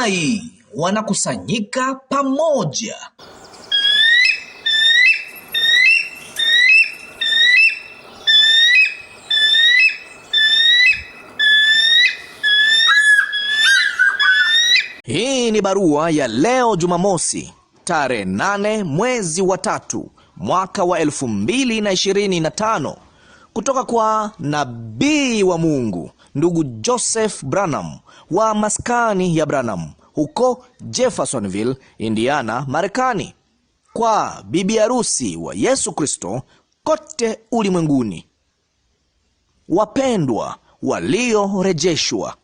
tai wanakusanyika pamoja. Hii ni barua ya leo Jumamosi, tarehe 8 mwezi wa tatu mwaka wa tano kutoka kwa nabii wa Mungu ndugu Joseph Branham wa maskani ya Branham huko Jeffersonville, Indiana, Marekani, kwa bibi harusi wa Yesu Kristo kote ulimwenguni. Wapendwa waliorejeshwa,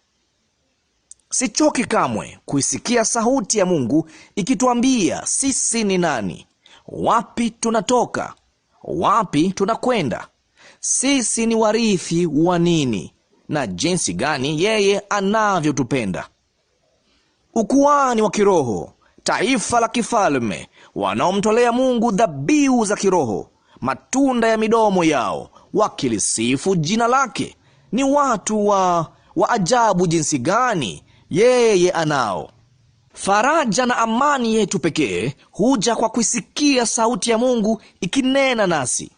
sichoki kamwe kuisikia sauti ya Mungu ikituambia sisi ni nani, wapi tunatoka, wapi tunakwenda, sisi ni warithi wa nini na jinsi gani yeye anavyotupenda. Ukuani wa kiroho, taifa la kifalme, wanaomtolea Mungu dhabihu za kiroho, matunda ya midomo yao, wakilisifu jina lake. Ni watu wa, wa ajabu jinsi gani yeye anao faraja na amani yetu pekee huja kwa kuisikia sauti ya Mungu ikinena nasi.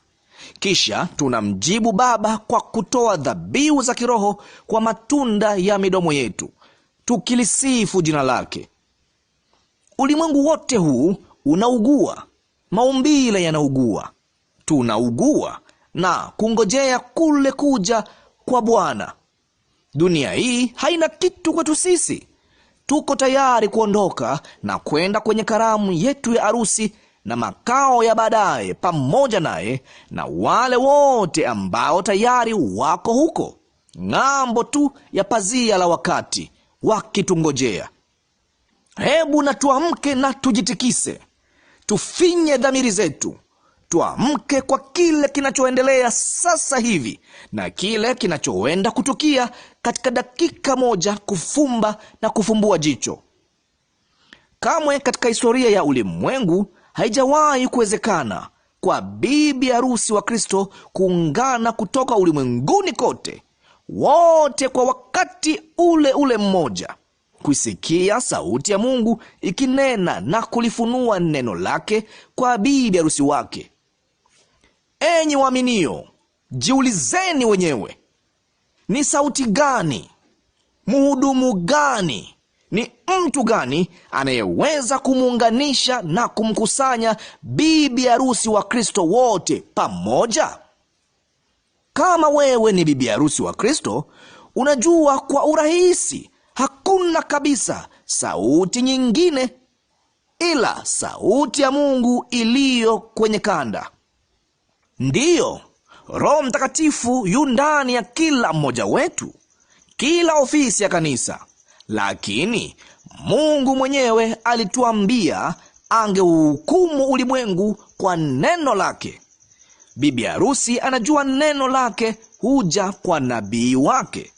Kisha tunamjibu Baba kwa kutoa dhabihu za kiroho kwa matunda ya midomo yetu, tukilisifu jina lake. Ulimwengu wote huu unaugua, maumbile yanaugua, tunaugua na kungojea kule kuja kwa Bwana. Dunia hii haina kitu kwetu sisi. Tuko tayari kuondoka na kwenda kwenye karamu yetu ya arusi na makao ya baadaye pamoja naye na wale wote ambao tayari wako huko ng'ambo tu ya pazia la wakati wakitungojea. Hebu na tuamke na tujitikise, tufinye dhamiri zetu, tuamke kwa kile kinachoendelea sasa hivi na kile kinachoenda kutukia katika dakika moja, kufumba na kufumbua jicho. Kamwe katika historia ya ulimwengu Haijawahi kuwezekana kwa bibi harusi wa Kristo kuungana kutoka ulimwenguni kote wote kwa wakati ule ule mmoja kuisikia sauti ya Mungu ikinena na kulifunua neno lake kwa bibi harusi wake. Enyi waaminio, jiulizeni wenyewe, ni sauti gani? Mhudumu gani ni mtu gani anayeweza kumuunganisha na kumkusanya bibi harusi wa Kristo wote pamoja? Kama wewe ni bibi harusi wa Kristo, unajua kwa urahisi hakuna kabisa sauti nyingine ila sauti ya Mungu iliyo kwenye kanda. Ndiyo, Roho Mtakatifu yu ndani ya kila mmoja wetu, kila ofisi ya kanisa lakini Mungu mwenyewe alituambia angeuhukumu ulimwengu kwa neno lake. Bibi harusi anajua neno lake huja kwa nabii wake.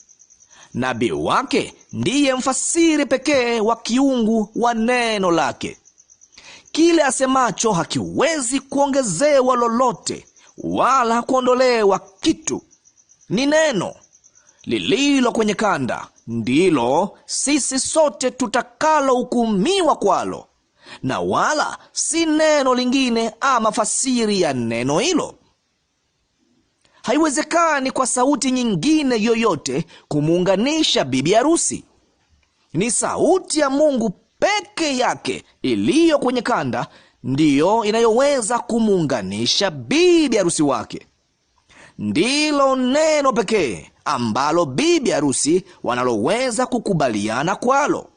Nabii wake ndiye mfasiri pekee wa kiungu wa neno lake. Kile asemacho hakiwezi kuongezewa lolote wala kuondolewa kitu, ni neno lililo kwenye kanda ndilo sisi sote tutakalohukumiwa kwalo, na wala si neno lingine ama fasiri ya neno hilo. Haiwezekani kwa sauti nyingine yoyote kumuunganisha bibi harusi. Ni sauti ya Mungu peke yake iliyo kwenye kanda ndiyo inayoweza kumuunganisha bibi harusi wake. Ndilo neno pekee ambalo bibi harusi wanaloweza kukubaliana kwalo.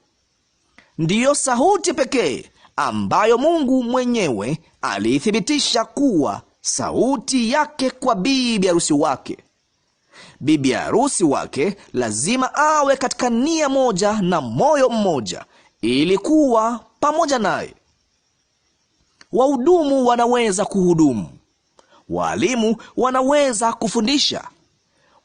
Ndiyo sauti pekee ambayo Mungu mwenyewe aliithibitisha kuwa sauti yake kwa bibi harusi wake. Bibi harusi wake lazima awe katika nia moja na moyo mmoja ili kuwa pamoja naye. Wahudumu wanaweza kuhudumu, walimu wanaweza kufundisha,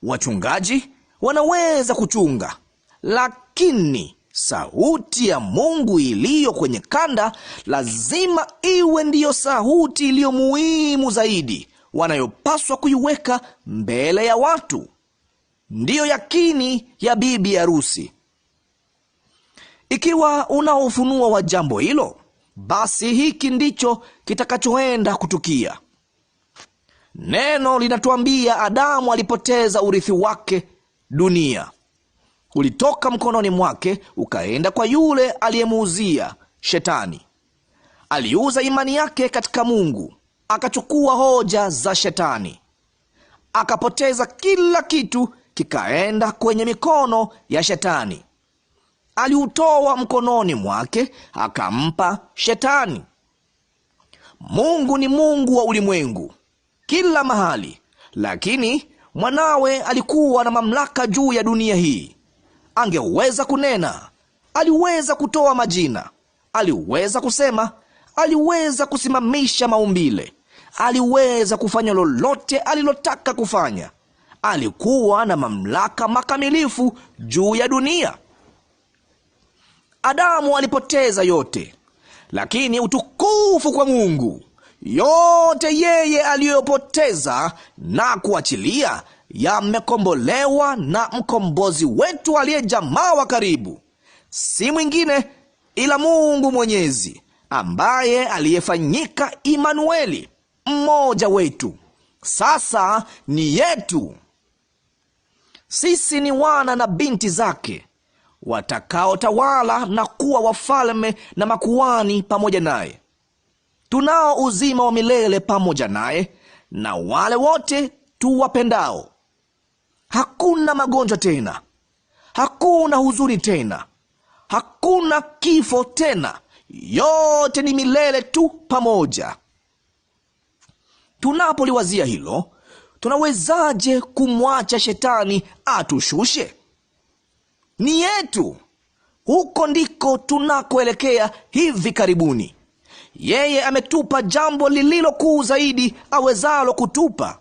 wachungaji wanaweza kuchunga, lakini sauti ya Mungu iliyo kwenye kanda lazima iwe ndiyo sauti iliyo muhimu zaidi wanayopaswa kuiweka mbele ya watu. Ndiyo yakini ya bibi harusi. Ikiwa una ufunuo wa jambo hilo, basi hiki ndicho kitakachoenda kutukia. Neno linatuambia Adamu alipoteza urithi wake, dunia ulitoka mkononi mwake ukaenda kwa yule aliyemuuzia Shetani. Aliuza imani yake katika Mungu, akachukua hoja za Shetani, akapoteza kila kitu, kikaenda kwenye mikono ya Shetani. Aliutoa mkononi mwake akampa Shetani. Mungu ni Mungu wa ulimwengu, kila mahali, lakini mwanawe alikuwa na mamlaka juu ya dunia hii. Angeweza kunena, aliweza kutoa majina, aliweza kusema, aliweza kusimamisha maumbile, aliweza kufanya lolote alilotaka kufanya. Alikuwa na mamlaka makamilifu juu ya dunia. Adamu alipoteza yote, lakini utukufu kwa Mungu yote yeye aliyopoteza na kuachilia yamekombolewa na mkombozi wetu aliye jamaa wa karibu, si mwingine ila Mungu Mwenyezi ambaye aliyefanyika Imanueli, mmoja wetu. Sasa ni yetu, sisi ni wana na binti zake watakaotawala na kuwa wafalme na makuani pamoja naye tunao uzima wa milele pamoja naye na wale wote tuwapendao. Hakuna magonjwa tena, hakuna huzuni tena, hakuna kifo tena, yote ni milele tu pamoja. Tunapoliwazia hilo, tunawezaje kumwacha shetani atushushe? Ni yetu, huko ndiko tunakoelekea hivi karibuni. Yeye ametupa jambo lililo kuu zaidi awezalo kutupa.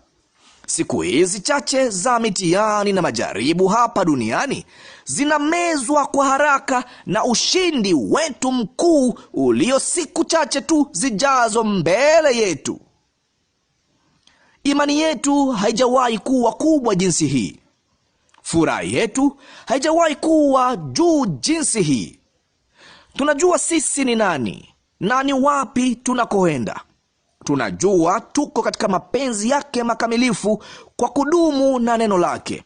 Siku hizi chache za mitihani na majaribu hapa duniani zinamezwa kwa haraka na ushindi wetu mkuu ulio siku chache tu zijazo mbele yetu. Imani yetu haijawahi kuwa kubwa jinsi hii. Furaha yetu haijawahi kuwa juu jinsi hii. Tunajua sisi ni nani na ni wapi tunakoenda. Tunajua tuko katika mapenzi yake makamilifu kwa kudumu na neno lake.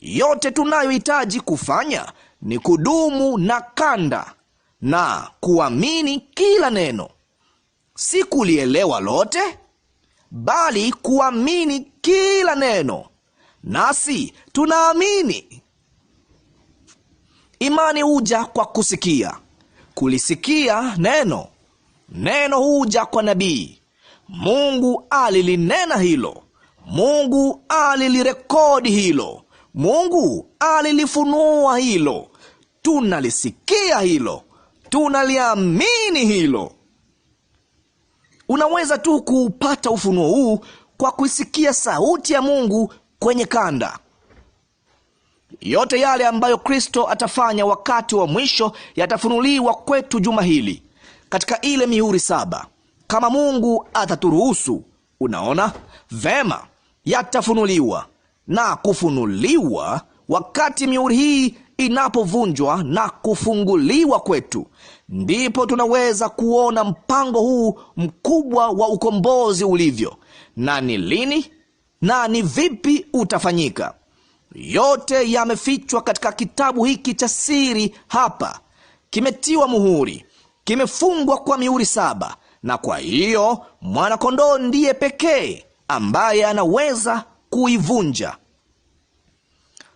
Yote tunayohitaji kufanya ni kudumu na kanda na kuamini kila neno, si kulielewa lote, bali kuamini kila neno, nasi tunaamini. Imani huja kwa kusikia kulisikia neno. Neno huja kwa nabii. Mungu alilinena hilo. Mungu alilirekodi hilo. Mungu alilifunua hilo. Tunalisikia hilo, tunaliamini hilo. Unaweza tu kuupata ufunuo huu kwa kuisikia sauti ya Mungu kwenye kanda, yote yale ambayo Kristo atafanya wakati wa mwisho yatafunuliwa kwetu juma hili katika ile mihuri saba, kama Mungu ataturuhusu. Unaona vema, yatafunuliwa na kufunuliwa wakati mihuri hii inapovunjwa na kufunguliwa kwetu, ndipo tunaweza kuona mpango huu mkubwa wa ukombozi ulivyo, na ni lini na ni vipi utafanyika yote yamefichwa katika kitabu hiki cha siri, hapa kimetiwa muhuri, kimefungwa kwa mihuri saba, na kwa hiyo mwanakondoo ndiye pekee ambaye anaweza kuivunja.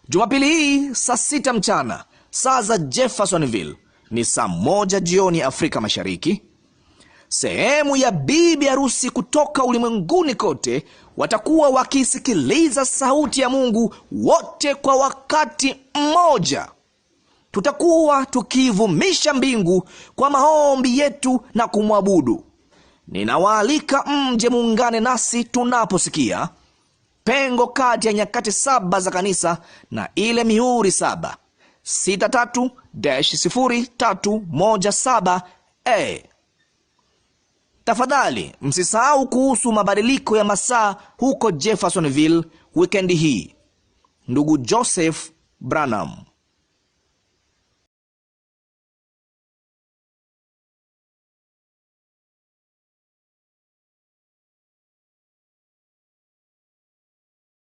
Jumapili hii saa sita mchana saa za Jeffersonville ni saa moja jioni Afrika Mashariki sehemu ya bibi harusi kutoka ulimwenguni kote watakuwa wakisikiliza sauti ya Mungu wote kwa wakati mmoja. Tutakuwa tukiivumisha mbingu kwa maombi yetu na kumwabudu. Ninawaalika mje muungane nasi tunaposikia pengo kati ya nyakati saba za kanisa na ile mihuri saba 63-0317 Tafadhali msisahau kuhusu mabadiliko ya masaa huko Jeffersonville wikendi hii. Ndugu Joseph Branham.